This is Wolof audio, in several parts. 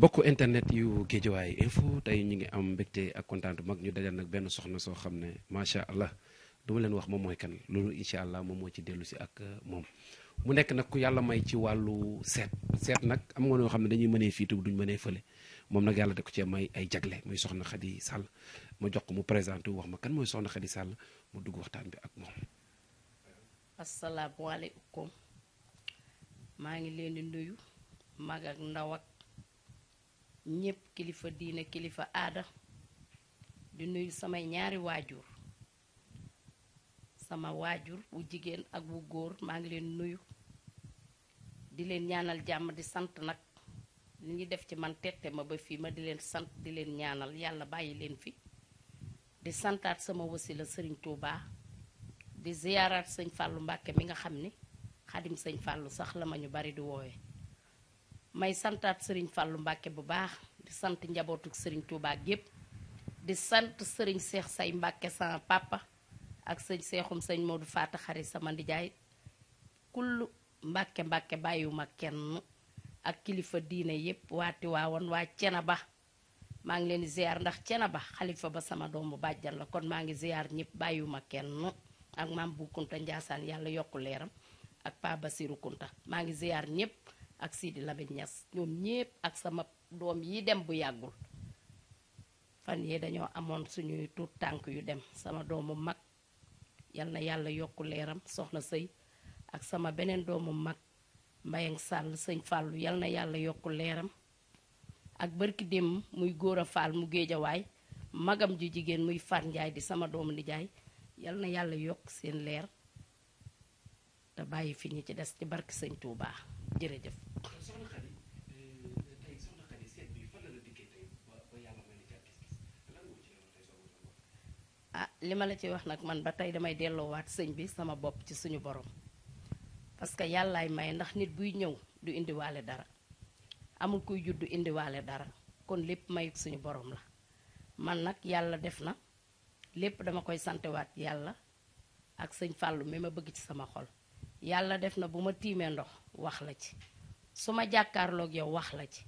bokku internet yu géejawaay info tay ñu ngi am mbégte ak kontaan mag ñu dajal nak benn soxna so xam ne allah du ma leen wax mom moy kan lolu incha allah mo moo ci delu ci ak euh, mom mu nek nak ku yalla may ci walu set set nak am nga noo xam dañuy mëne fi tu duñ mëne fële mom nak yalla da ko ci may ay jagle muy soxna Khady Sall mu jox ko mu présenter wax ma kan moy soxna Khady Sall mu dugg waxtaan bi ak assalamu alaykum ma ngi leen di nuyu mag ak ndaw ak ñëpp kilifa diine kilifa aada di nuyu samay ñaari waajur sama waajur wu jigéen ak wu góor maa ngi leen nuyu di leen ñaanal jàmm di sant nag li ngi def ci man tette ma ba fii ma di leen sant di leen ñaanal yàlla bàyyi leen fi di santaat sama wasila sëriñ Touba di ziyaaraat sëñ Fàllu Mbàkke mi nga xam ni xadim sëñ Fàllu sax la ma ñu bari di woowee may santaat sëriñ Fàllu Mbàkke bu baax di sant njabootu sëriñ Tuubaa gépp di sant sëriñ Seex say Mbàkke sa pàppa ak sëñ Seexum sëñ Moodu Faata xarit sama ndijaay kull Mbàkke Mbàkke bàyyiwuma kenn ak kilifa diine yépp waa Tiwaawan waa maa ngi leen di ziar ndax Cenaba xalifa ba sama doom bàjjan la kon maa ngi ziar ñëpp bàyyiwuma kenn ak maam bu Kunta Njaasaan yàlla yokk leeram ak Pa Basiru Kunta maa ngi ziar ñëpp ak Sidi Lamine ñas ñoom ñépp ak sama doom yi dem bu yàggul fan yee dañoo amoon suñuy tuut tànk yu dem sama doomu mag yal na yàlla yokk leeram soxna sëy ak sama beneen doomu mag mbayang sàll sëñ fàllu yal na yàlla yokku leeram ak bërki démb muy góor a faal mu géejawaay magam ju jigéen muy far njaay di sama doomu nijaay yal na yàlla yokk seen leer te bàyyi fi ñu ci des ci barki sëñ Touba jërëjëf Ah, lima la ci wax nak man ba tay damay wat sëñ bi sama bop ci suñu borom parce que ay may ndax nit buy ñew du indi walé dara amul kuy judd walé dara kon lepp may suñu borom la man nak yalla def na lepp dama koy santewaat yalla ak sëñ fallu mi ma bëgg ci sama xol Yalla def na buma timé ndox wax la ci suma jakarlo ak yow wax la ci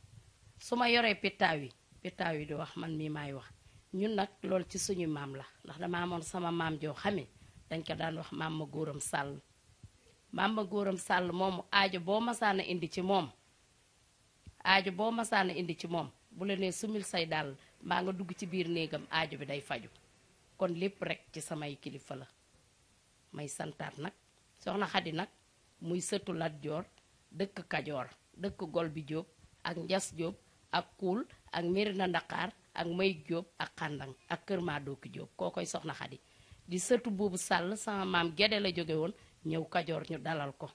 suma yoré yoree pitaaw yi wax man mi may wax ñun nag loolu ci suñu maam la ndax dama amoon sama maam joo xame dañ ko daan wax maam ma góoram sàll maam ma góoram sàll moomu aajo boo masaana indi ci moom aajo boo masaana indi ci moom bu la nee sumil say dàll mbaa nga dugg ci biir néegam aajo bi day faju kon lépp rekk ci samay kilifa la may santaat nag soxna xadi nag muy sëtu Lat Joor dëkk Kajoor dëkk Gol bi Jóob ak Njas Jóob ak Kuul ak Mérina Ndakaar ak may jóob ak xàndang ak kër maa dooki jóob koo koy soxna xadi di sëtu boobu sàll sama maam gede la jóge woon ñëw kajoor ñu dalal ko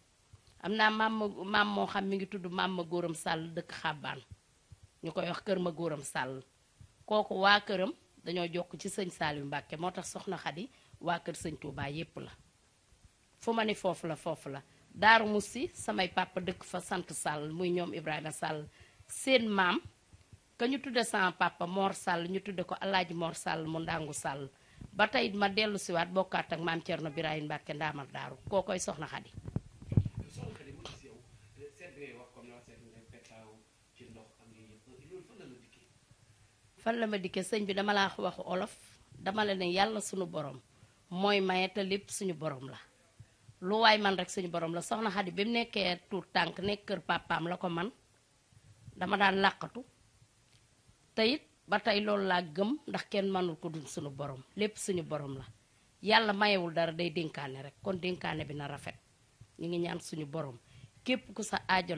am naa maam maam moo xam mi ngi tudd maam ma góoram sàll dëkk xàbbaan ñu koy wax kër ma góoram sàll kooku waa këram dañoo jokk ci sëñ Saliou Mbàkke moo tax soxna xadi waa kër sëñ Tuubaa yépp la fu ma ni foofu la foofu la daaru mus si samay papa dëkk fa sant sàll muy ñoom Ibrahima Sàll seen maam ka ñu tudde sama papa Mor Sall ñu tudde ko Alaaji Mor Sall mu ndangu sal ba tey ma ci wat bokkat ak mam cierno Birahim Mbacke ndamal daru koo koy soxna Xadi fan la ma dikke señ bi dama la wax olof dama la ne yalla suñu borom moy maye te suñu borom la lu way man rek suñu borom la soxna Xadi bim nekké nekkee tank nek keur papam la ko man dama daan làqatu te ba tey loolu laa gëm ndax kenn mënul ko dul suñu boroom lépp suñu boroom la yàlla mayewul dara day dénkaane rek kon dénkaane bi na rafet ñu ngi ñaan suñu boroom képp ku sa aajo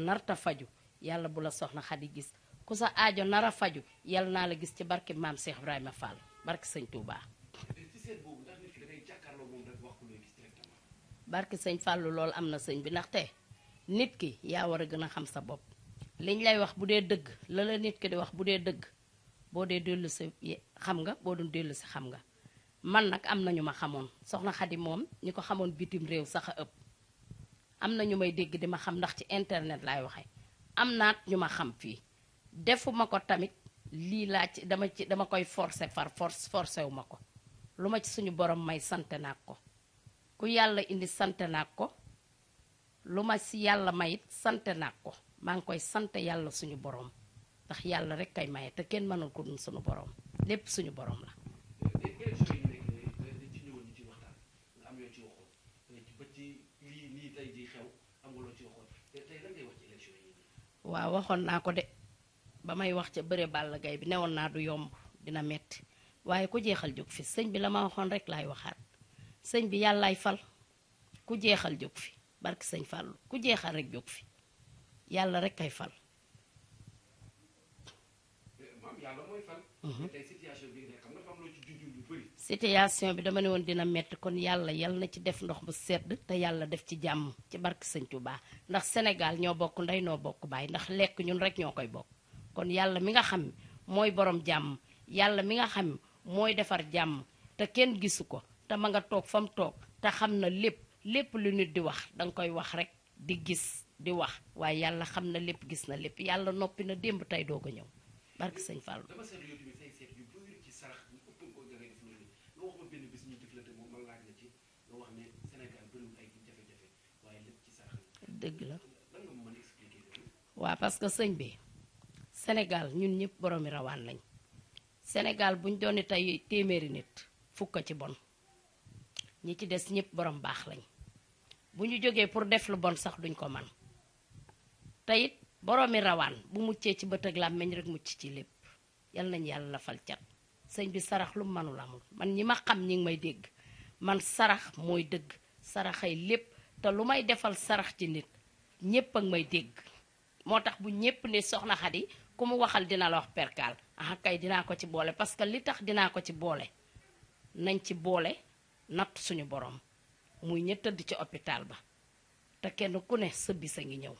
yàlla bu la soxna Xadi gis ku sa aajo nar a faju yàlla naa la gis ci barke maam Cheikh Ibrahima Fall barke sëñ Touba. barke sëñ Fallou lool am na sëñ bi ndaxte nit ki yaa war a gën a xam sa bopp liñ lay wax bu dee dëgg la la nit ki di wax bu dee dëgg. boo dee dellu si xam nga boo doon dellu si xam nga man nag am na ñu ma xamoon soxna Xadi moom ñi ko xamoon bitim réew sax a ëpp am na ñu may dégg di ma xam ndax ci internet laay waxee am naat ñu ma xam fii defuma ko tamit lii laa ci dama ci dama koy forcé far force forcé wu ko lu ma ci suñu borom may sante naa ko ku yàlla indi sante naa ko lu ma si yàlla mayit sante naag ko maa ngi koy sante yàlla suñu borom ndax yàlla rek kay maye te kenn mënul ko dun suñu borom lépp suñu borom la. waaw waxoon naa ko de ba may wax ca bëre Balla Gaye bi newoon naa du yomb dina metti waaye ku jeexal jóg fi sëñ bi la ma waxoon rek laay waxaat sëñ bi yàllaay fal ku jeexal jóg fi barki sëñ Fallou ku jeexal rek jóg fi yàlla rek ay fal. Mhm. situation bi dama ne woon dina metti kon yàlla yal na ci def ndox bu sedd te yàlla def ci jàmm ci barke Sëñ Tuubaa ndax Sénégal ñoo bokk ndey noo bokk baay ndax lekk ñun rek ñoo koy bokk kon yàlla mi nga xam mooy borom jàmm yàlla mi nga xam mooy defar jàmm te kenn gisu ko te ma nga toog fa mu toog te xam na lépp lépp lu nit di wax danga koy wax rek di gis di wax waaye yàlla xam na lépp gis na lépp yàlla noppi na démb tey doo ko ñëw barke seigne fall dama sét yow bi say sét yu bari ci sarax bu upp ko da ngay def loolu nga wax ma benn bis ñu la te mom laaj la ci nga wax né sénégal bëru ay jafé jafé waye lepp ci sarax deug la lan nga mëna expliquer wa parce que seigne bi sénégal ñun ñëpp mi rawaan lañ sénégal buñ doone tay téméré nit fukka ci bon ñi ci dess ñëpp borom baax lañ buñu joggé pour def lu bon sax duñ ko man tayit boroomi rawan bu muccé ci bëtt ak meñ rek mucc ci lepp yal nañ la fal ciat sëñ bi sarax lu la amul man ñima xam ñi may dégg man sarax moy dëgg saraxay lepp té lu may defal sarax ci nit ñepp ak may dégg motax bu ñepp né soxna xadi ku mu waxal dina la wax perkal ah kay dina ko ci boole parce que li tax dina ko ci boole nañ ci boole nat suñu borom muy ña di ci hôpital ba té kenn ku né sëbbi sa ngi ñëw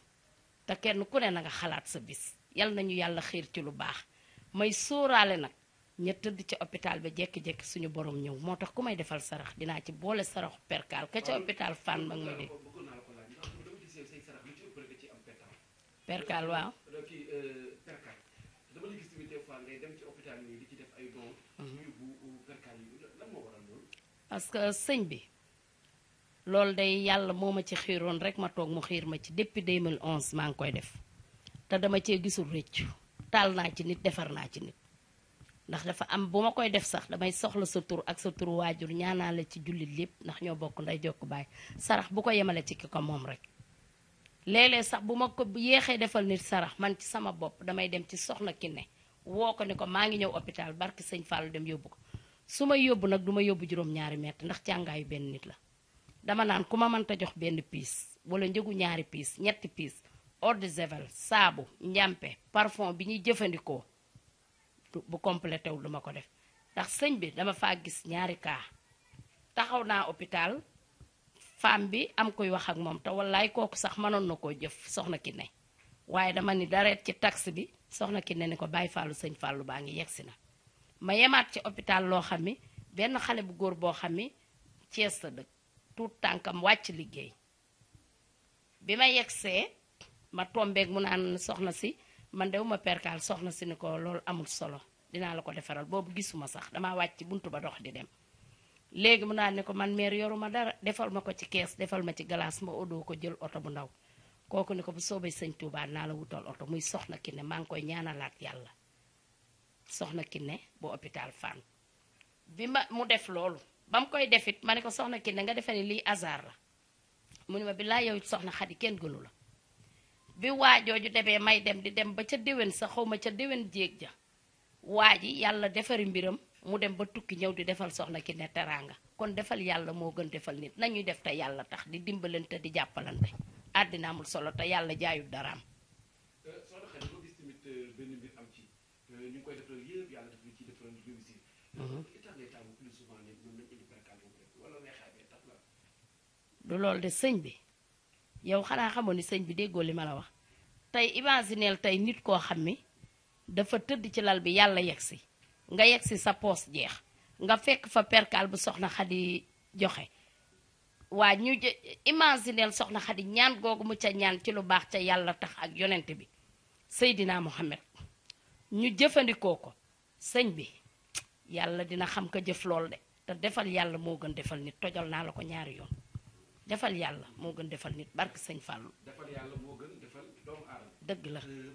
te kenn ku ne na xalaat sa bis yal nañu yàlla xiir ci lu baax may sóoraale nag ña tëdd ca hôpital bi jékki-jékki suñu borom ñëw moo tax ku may defal sarax dinaa ci boole saraxu perkaal ka ca hôpital Fann mag ma dégg perkaal waaw parce que sëñ bi loolu day yàlla moo ma ci xiiroon rek ma toog mu xiir ma ci depuis 2011 maa ngi koy def te dama cee gisul rëccu taal naa ci nit defar naa ci nit ndax dafa am bu ma koy def sax damay soxla sa tur ak sa tur waajur ñaanaa ci jullit lépp ndax ñoo bokk nday jokk baay sarax bu ko yemalee ci ki ko moom rek léeg sax bu ma ko yéexee defal nit sarax man ci sama bopp damay dem ci soxla ki ne woo ko ni ko maa ngi ñëw hôpital barki sëñ Fallou dem yóbbu ko su ma yóbbu nag du ma yóbbu juróom-ñaari ndax càngaayu benn nit la dama naan ku ma mënta jox benn piis wala njëgu ñaari pis, ñetti piis eau de javel saabu njàmpe parfum bi ñuy bu complété wu duma ko def ndax sëñ bi dama faa gis ñaari kaa taxaw naa hôpital femme bi am koy wax ak moom te wallaay kooku sax mënoon na jëf soxna ki ne waaye dama ni dareet ci taxe bi soxna ki ne ni ko bàyyi fàllu sëñ fàllu baa ngi yegsi na ma yemaat ci hôpital loo xam ni bu tout temps kam wacc liggey bima yegsee ma tombeeg mu nan soxna ci man dewuma percal soxna ci niko lol amul solo Dina la ko defaral bobu gisuma sax dama wacc buntu ba dox di dem léegi mu nan niko man mère yoruma dara defal mako ci caisse defal ma ci glace ma odo ko jël auto bu ndaw koku niko bu sobe seigne touba na la wutal auto muy soxna ki ne mang koy ñaanalat yalla soxna ne bu hôpital fan. bima mu def lolou ba mu koy defit ma ne ko soxna Kine nga defee ni lii hasard la mu ne ma bi laa yow soxna Xadi kenn gënu la bi waajooju demee may dem di dem ba ca déwén sa xaw ma ca déwén jéeg ja waa ji yàlla defari mbiram mu dem ba tukki ñëw di defal soxna Kine teraanga kon defal yàlla moo gën defal nit nañuy def te yàlla tax di dimbalante di jàppalante àddina amul solo te yàlla jaayut daraam euh, du loolu de sëñ bi yow xanaa xamoon ni sëñ bi déggoo li ma la wax tey imagineel tey nit koo xam ni dafa tëdd ci lal bi yàlla yegg si nga yegg si sa poos jeex nga fekk fa perkaal bu soxna xadi joxe waa ñu imagineel soxna xadi ñaan googu mu ca ñaan ci lu baax ca yàlla tax ak yonent bi Seydina Muhammad ñu jëfandikoo ko sëñ bi yàlla dina xam ko jëf lool de te defal yàlla moo gën defal nit tojal naa la ko ñaari yoon defal yàlla moo gën defal nit barke sëñ Fallou. defal yàlla moo gën defal doomu aadama. dëgg la euh,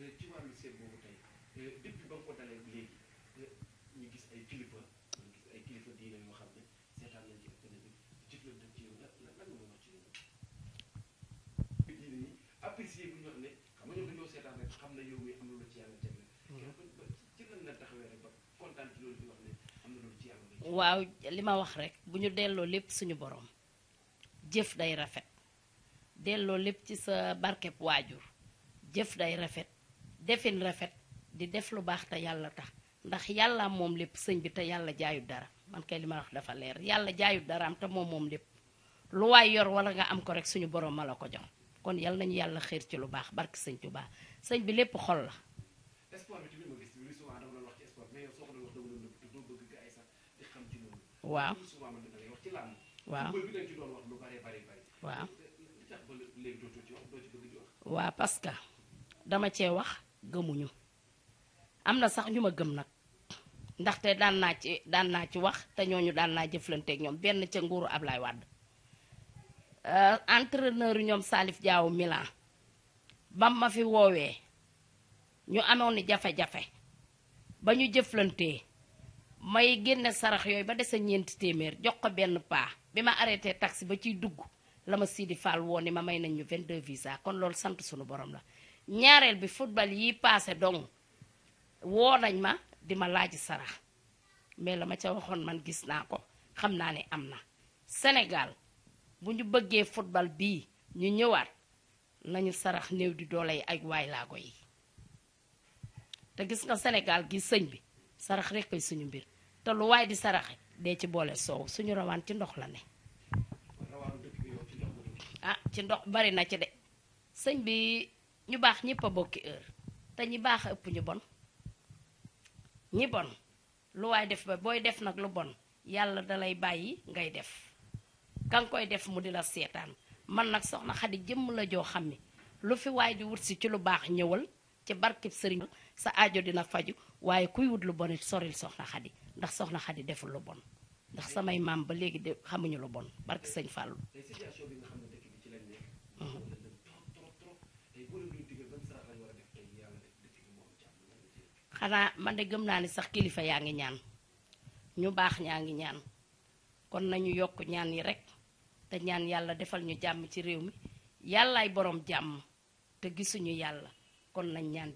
euh, euh, wàllu seet boobu waaw li ma wax rekk bu ñu delloo lépp suñu boroom jëf day rafet delloo lépp ci sa barkeb waajur jëf day rafet defin rafet di def lu baax te yàlla tax ndax yàlla moom lépp sëñ bi te yàlla jaayut dara man kay li ma wax dafa leer yàlla jaayut dara am te moom moom lépp lu waay yor walla nga am ko rekk suñu boroom ma la ko jox kon yàlla nañu yàlla xéer ci lu baax barke sëñ Tuubaa sëñ bi lépp xol la waaw waaw waaw waa parce que dama cee wax gëmuñu am na sax ñu ma gëm nag ndaxte daan naa ci daan naa ci wax te ñooñu daan naa jëflanteeg ñoom benn ca nguuru ñoom Salif Diao Milan bam ma fi woowee ñu amoon jafe-jafe ba ñu jëflantee may génne sarax yooyu ba dese ñeenti téeméer jox ko benn paa bi ma arrêté taxi ba ciy dugg la ma siidi Fall woo ni ma may nañ ñu 22 visa kon loolu sant suñu borom la ñaareel bi football yi paase dong woo nañ ma di ma laaj sarax mais la ma ca waxoon man gis naa ko xam naa ni am na senegal bu ñu bëggee football bii ñu ñëwaat nañu sarax néew di doole yi ak waay laago yi te gis na Sénégal gi sëñ bi sarax rek kay suñu mbir te lu way di saraxe de ci so soow suñu rawan ci ndox la né ah ci ndox bari na ci de señ bi ñu bax ñepp bokki heure te ñi bax ëpp ñu bon ñi bon lu way def ba boy def nak lu bon yalla dalay bayyi ngay def kan koy def mu di la sétane man nak soxna xadi jëm la jo xamni lu fi way di wursi si ci lu bax ñewal ci barkib serigne sa aajo dina faju waaye kuy wut lu bon it soril soxna xadi ndax soxna xadi deful lu bon ndax samay maam ba léegi de xamuñu lu bon barke sëñ Fallou. Mhm. xanaa man de gëm naa ni sax kilifa ñaan ñu ñaan kon nañu yok ñaan yi rek te ñaan yàlla defal ñu jàmm ci réew mi yàllaay boroom jàmm te gisuñu kon nañ ñaan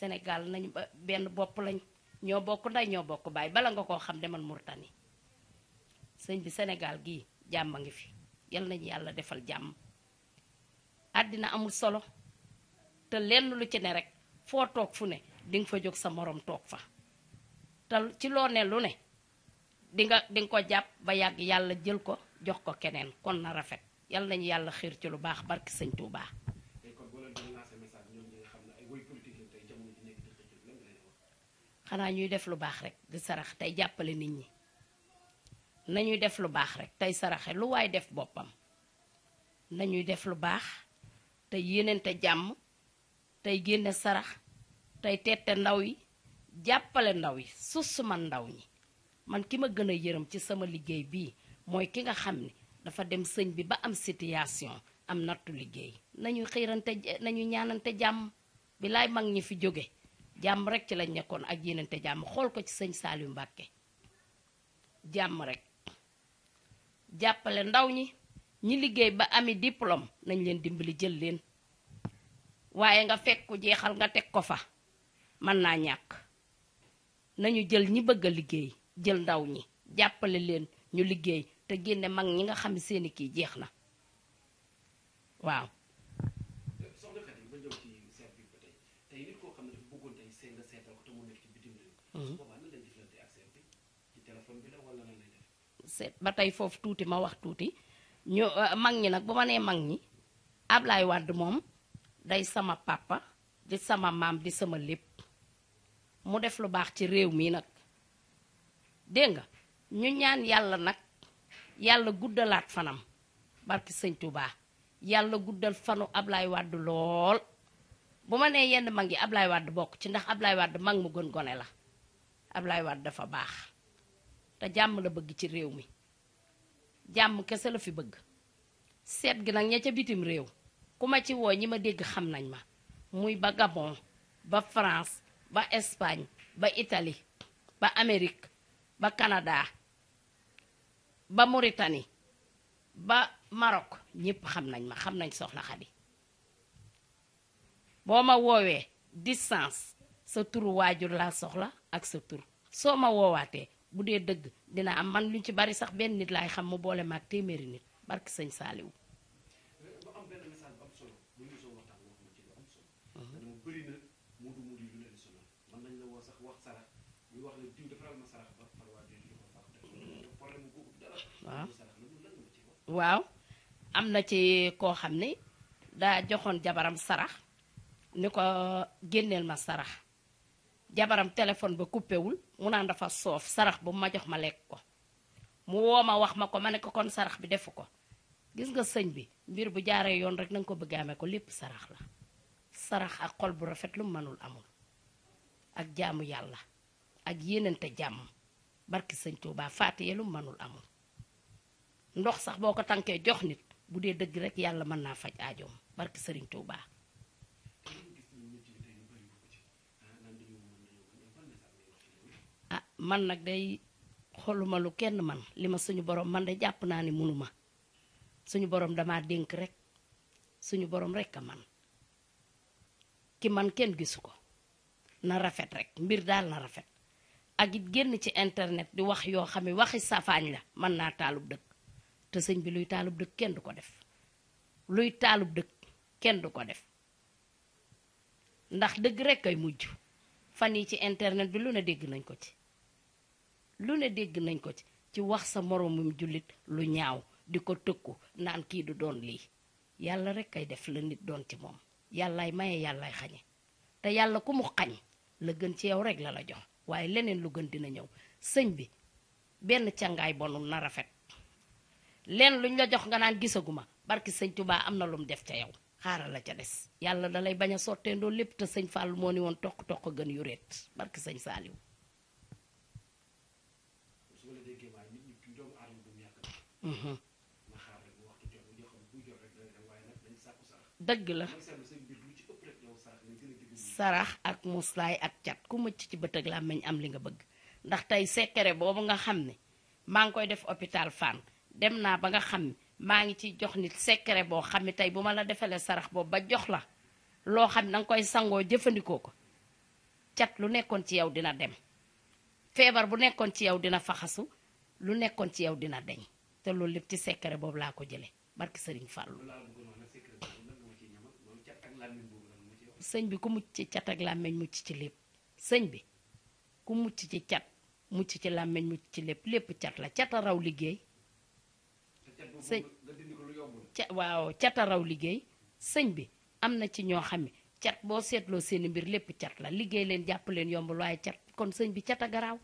senegal nañ ben bop lañ ño bok nday ño bok bay bala nga ko xam demal murtani señ bi senegal gi jàmm nga fi yal nañ yalla defal jam. adina amul solo te lenn lu ci ne rek fo tok fu ne ding fa jog sa morom tok fa tal ci lo ne lu ne di nga ko japp ba yag yalla jël ko jox ko kenen kon na rafet yal nañ yalla xir ci lu bax barki señ touba xanaa ñuy def lu baax rek di sarax tey jàppale nit ñi nañuy def lu baax rek tey saraxe lu waay def boppam nañuy def lu baax tey yéeneente jàmm tey génne sarax tey teete ndaw yi jàppale ndaw yi sus man ndaw ñi man ki ma gën a yërëm ci sama liggéey bii mooy ki nga xam ni dafa dem sëñ bi ba am situation am nattu liggéey nañu xiirante nañu ñaanante jàmm bi laay mag ñi fi jóge jàmm rek ci lañ nekkoon ak yéenante jàmm xool ko ci sëñ Saliou Mbacke jàmm rekk jàppale ndaw ñi ñi liggéey ba ami diplôme nañ leen dimbali jël leen waaye nga fekk jeexal nga teg ko fa mën naa ñàkk nañu jël ñi bëgg liggéey jël ndaw ñi jàppale leen ñu liggéey te génne mag ñi nga xam seeni kii jeex na waaw Mm-hmm. ba tay foofu touti ma wax touti ñu euh, mag ñi nag bu ma nee mag ñi Ablaye mom day sama papa di sama mam, di sama lip. mu def lu bax ci rew mi nak de nga ñu ñaan yalla nak yalla guddalat fanam barki seigne Touba yalla guddal fanu Ablaye wad lool bu ma nee yenn mag ablay Ablaye bok ci ndax Ablaye wad mag mu gon gonela Ablaye Wade dafa baax te jàmm la bëgg ci réew mi jàmm kese la fi bëgg seet gi nag ña ca bitim réew ku ma ci woo ñi ma dégg xam nañ ma muy ba Gabon ba France ba Espagne ba itali ba Amérique ba Canada ba Mauritanie ba marok ñépp xam nañ ma xam nañ soxna Xadi boo ma woowee distance sa turu waajur laa soxla ak sa tur soo ma woowaatee bu dee dëgg dina am man luñ ci bari sax benn nit laay xam mu boole maag téeméeri nit barki sëñ Saaliwu mhm. waaw am na ci koo xam ne daa joxoon jabaram sarax ni ko génneel ma sarax jabaram téléphone ba wul mu nan dafa sof sarax bu ma jox ma lek ko mu woma wax mako mané ko kon sarax bi defu ko gis nga señ bi mbir bu jaaré yon rek nang ko bëgg ko lepp sarax la sarax ak xol bu rafet lu manul amul ak jaamu yalla ak yenente jam barki señ touba faatiye lu manul amul ndox sax boko tanké jox nit budé deug rek yalla man na faj barki señ touba man nak day xoluma lu kenn man lima suñu borom man de japp na ni munuma suñu borom dama denk rek suñu borom rek ka man ki man kenn gisu na rafet rek mbir dal na rafet ak it genn ci internet di wax yo xam waxi safañ la man na talub dekk te señ bi luy talub dekk kenn duko def luy talub dekk kenn duko def ndax deug rek kay mujj fani ci internet bi lu na deg nañ ko ci lu ne dégg nañ ko ci ci wax sa moroomum jullit lu ñaaw di ko tëkku naan kii du doon lii yàlla rek ay def la nit doon ci moom yàllaay maye yàllaay xañe te yàlla ku mu xañ la gën ci yow rek la la jox waaye leneen lu gën dina ñëw sëñ bi benn càngaay bonul na rafet leen luñ la jox nga naan gisaguma barki sëñ tubaa am na lum def ca yow xaaral la ca des yàlla dalay bañ a sottee ndoo lépp te sëñ Fall moo ni woon toq toq gën yuréet barki sëñ saaliw Mm-hmm. dëgg la sarax ak muslaay ak cat ku mëcc ci bëtëg ak làmmiñ am li nga bëgg ndax tey secret boobu nga xam ne maa ngi koy def hôpital fànn dem naa ba nga xam ne maa ngi ciy jox nit secret boo xam ne tey bu ma la defalee sarax boobu ba jox la loo xam ne danga koy sangoo jëfandikoo ko cat lu nekkoon ci yow dina dem feebar bu nekkoon ci yow dina faxasu lu nekkoon ci yow dina deñ te loolu lépp ci secret boobu laa ko jëlee barki sëriñ Fallou. sëñ bi ku mucc ci cat làmmeñ mucc ci lépp sëñ bi ku mucc ci cat mucc ci làmmeñ mucc ci lépp lépp cat la cat raw liggéey. sëñ waaw cat raw liggéey sëñ bi am na ci ñoo xam ne cat boo seetloo seeni mbir lépp cat la liggéey leen jàpp leen yombul waaye cat kon sëñ bi cata garaaw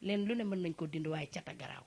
leen lu ne mën nañ koo dind waaye cat garaaw.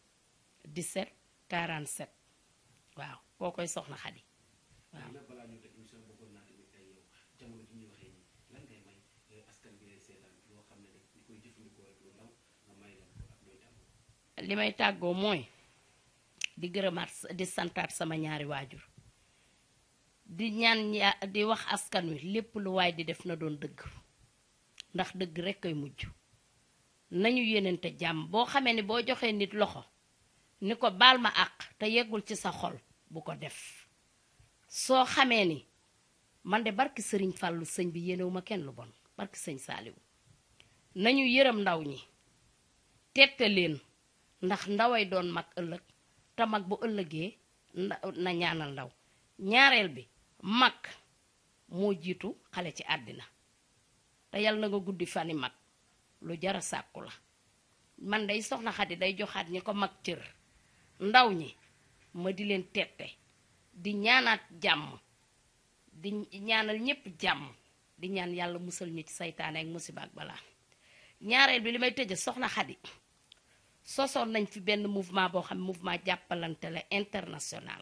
17 47 waaw koo koy soxna xadi euh, li may tàggoo mooy di gërëmaat di santaat sama ñaari waajur di ñaan di wax askan wi lépp lu waay di def na doon dëgg ndax dëgg rekk ay mujj nañu yéenante jàmm boo xamee ni boo joxee nit loxo ni ko ak, ma àq te yegul ci sa xol bu ko def so xamee ni man de barki serigne fallu serigne bi yéenewu ken lu bon barki serigne saliw nañu yërëm ndaw ñi tette len ndax ndaway doon mak ëllëg ta mak bu ëllëgee na ñaanal ndaw ñaarel bi mak mo jitu xale ci adina te yal na nga guddi fani mak lu jara sakku la man day soxna xadi day joxat ñi ko mak cër ndaw ñi ma di leen tette di ñaanaat jàmm di ñaanal ñépp jàmm di ñaan yàlla musal ñu ci saytaane ak musiba ak balaa ñaareel bi li may tëje soxna xadi sosoon nañ fi benn mouvement boo xam mouvement jàppalante la international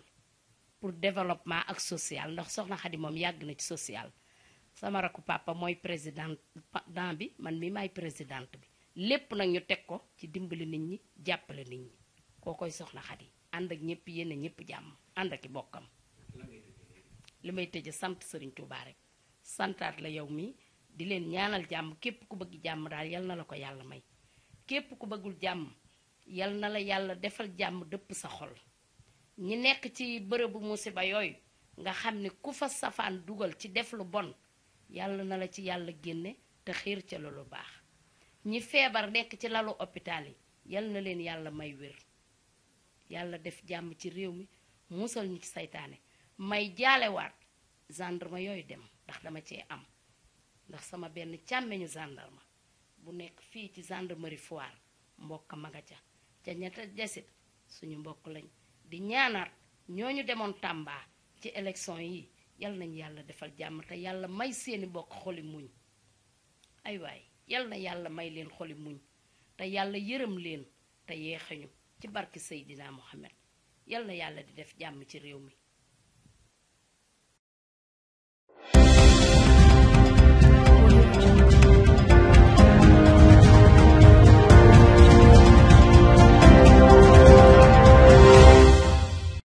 pour développement ak social ndax soxna xadi moom yàgg na ci social sama rakku papa mooy président dan bi man mi may présidente bi lépp nag ñu teg ko ci dimbali nit ñi jàppale nit ñi koy soxla xadi anda ak ñepp yene ñepp anda and ak bokkam limay tejj sante serigne touba rek santat la yow mi di len ñaanal jàmm kep ku bëgg jàmm daal yal na la ko yalla may kep ku bëggul jàmm yal na la yalla defal jam depp sa xol ñi nekk ci bërëbu musiba yoy nga xamni ku fa safaan duggal ci def lu bon yalla na la ci yalla genné te xiir ci lolu lu baax ñi febar nekk ci lalu hôpital yi yal na len yalla may wër yàlla def jàmm ci réew mi musal ñu ci seytaane may jaalewaat gendarme yooyu dem ndax dama cee am ndax sama benn càmmeñu gendarme bu nekk fii ci gendarmerie Foire mbokk ma nga ca ca ñett desit suñu mbokk lañ di ñaanaat ñooñu demoon Tamba ci élection yi yal nañ yàlla defal jàmm te yàlla may seeni mbokk xoli muñ ay waay yal yàlla may leen xoli muñ te yàlla yërëm leen te yeexañu ci barke Seydina Mohamed yal na yàlla di def jàmm ci réew mi